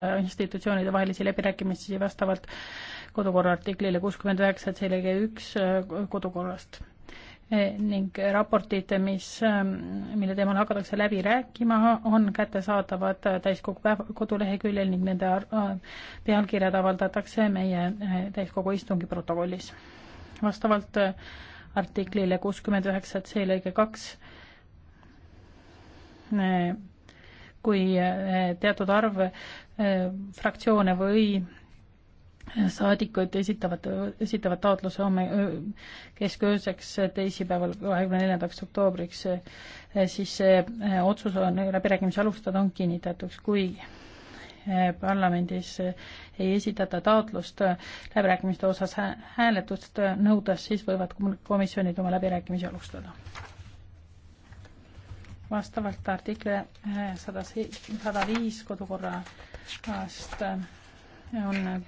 Äh, institutsioonide vahelisi läbirääkimisi vastavalt kodukorra artiklile kuuskümmend üheksa, et see lõige üks äh, kodukorrast e. ning raportid, mis, ähm, mille teemal hakatakse läbi rääkima, on kättesaadavad täiskogu päev-, koduleheküljel ning nende äh, pealkirjad avaldatakse meie täiskogu istungi protokollis. vastavalt artiklile kuuskümmend üheksa, et see lõige kaks kui eh, teatud arv eh, fraktsioone või eh, saadikud esitavad, esitavad taotluse homme keskööseks teisipäeval, kahekümne neljandaks oktoobriks, siis see otsus on, läbirääkimisi alustada on kinnitatuks, kui parlamendis ei esitata taotlust läbirääkimiste osas hääletust nõudes, siis võivad komisjonid oma läbirääkimisi alustada vastavalt artikli eh, sada viis kodukorrast on